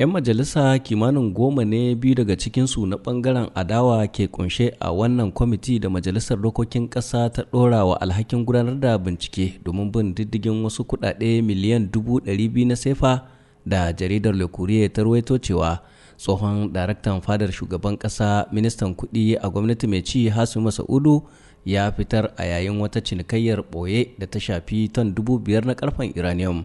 'Yan majalisa kimanin goma ne biyu daga cikinsu na bangaren adawa ke kunshe a wannan kwamiti da Majalisar Dokokin Ƙasa ta ɗora wa alhakin gudanar da bincike domin bin diddigin wasu kuɗaɗe miliyan dubu ɗari biyu na sefa da jaridar Le ta ruwaito cewa tsohon daraktan fadar shugaban ƙasa ministan kuɗi a gwamnati mai ci hasu masa'udu ya fitar a yayin wata cinikayyar ɓoye da ta shafi ton dubu biyar na karfen iranium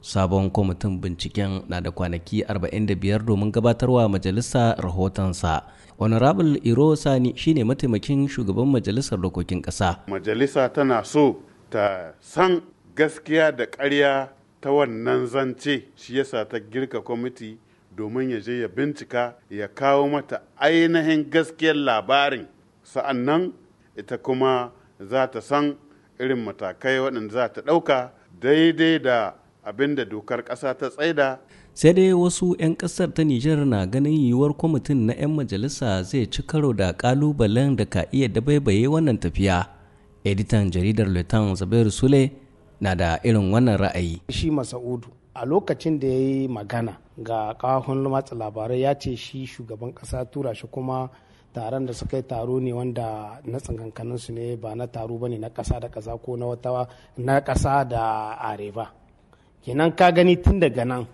sabon kwamitin binciken na da kwanaki 45 domin gabatarwa majalisa rahotonsa honorable iro sani shine mataimakin shugaban majalisar dokokin ƙasa majalisa tana so ta san gaskiya da karya ta wannan zance shi yasa ta girka kwamiti domin ya je ya bincika ya kawo mata ainihin gaskiyar labarin sa'an nan ita kuma za ta san irin matakai waɗanda za ta ɗauka daidai da abinda dokar ƙasa ta tsaida. sai dai wasu 'yan ƙasar ta nijar na ganin yiwuwar kwamitin na 'yan majalisa zai ci karo da ƙalubalen da ka iya dabaibaye wannan tafiya editan jaridar lutan zabiru sule na da irin wannan ra'ayi shi masa'udu a lokacin da ya yi magana ga kawahun matsa labarai ya ce shi shugaban ƙasa tura shi kuma taron da suka yi taro ne wanda na tsangankaninsu ne ba na taro ba ne na ƙasa da ƙasa ko na wata na ƙasa da areba kenan ka gani tun daga nan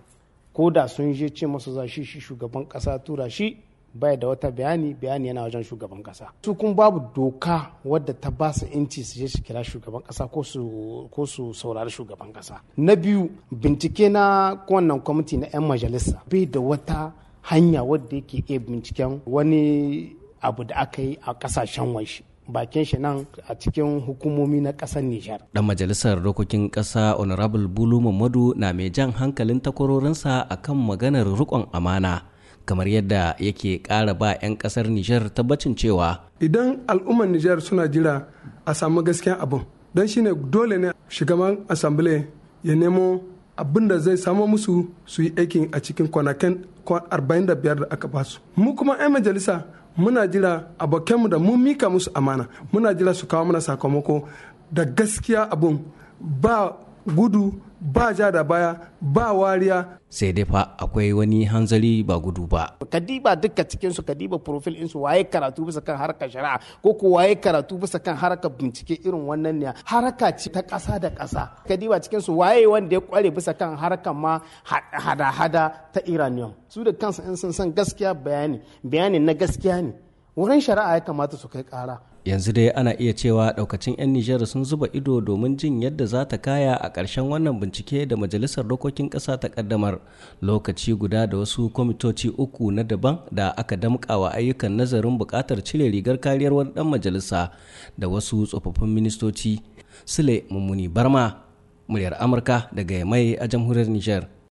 ko da sun je ce masu za shi shi shugaban kasa tura shi bai da wata bayani bayani yana wajen shugaban kasa su kun babu doka wadda ta ba su inci su je su kira shugaban kasa ko su saurari shugaban kasa na biyu bincike na wannan kwamiti na 'yan majalisa bai da wata hanya wadda yake iya binciken wani abu da aka yi a kasashen waje bakin shi nan a cikin hukumomi na ƙasar Nijar. Dan majalisar dokokin ƙasa Honorable Bulu Mamadu na mai jan hankalin takwarorinsa a kan maganar rikon amana. kamar yadda yake ƙara ba 'yan ƙasar Nijar tabbacin cewa. Idan al'ummar Nijar suna jira a samu gaskiyan abin, don shine dole ne shugaban asambile ya nemo abin da zai samo musu su yi aikin a cikin kwanakin 45 da aka basu. Mu kuma 'yan majalisa muna jira abokanmu da mun mika musu amana muna jira su kawo mana sakamako da gaskiya abun ba gudu ba ja da baya ba wariya sai dai fa akwai wani hanzari ba gudu ba kadiba duka cikin su kadiba profil insu waye karatu bisa kan harkar shari'a ko ko waye karatu bisa kan harkar bincike irin wannan ne haraka ce ta ƙasa da ƙasa kadiba cikin su waye wanda ya kware bisa kan harkar ma hada-hada ta iranium su da kansu in sun san gaskiya bayani bayani na gaskiya ne wurin shari'a ya kamata su kai kara yanzu dai ana iya cewa daukacin 'yan nijar sun zuba ido domin jin yadda za ta kaya a ƙarshen wannan bincike da majalisar dokokin ƙasa ta ƙaddamar lokaci guda da wasu kwamitoci uku na daban da aka wa ayyukan nazarin buƙatar cire rigar kariyar wani ɗan majalisa da wasu tsofaffin ministoci sule mummuni barma muryar amurka daga mai a jamhuriyar nijar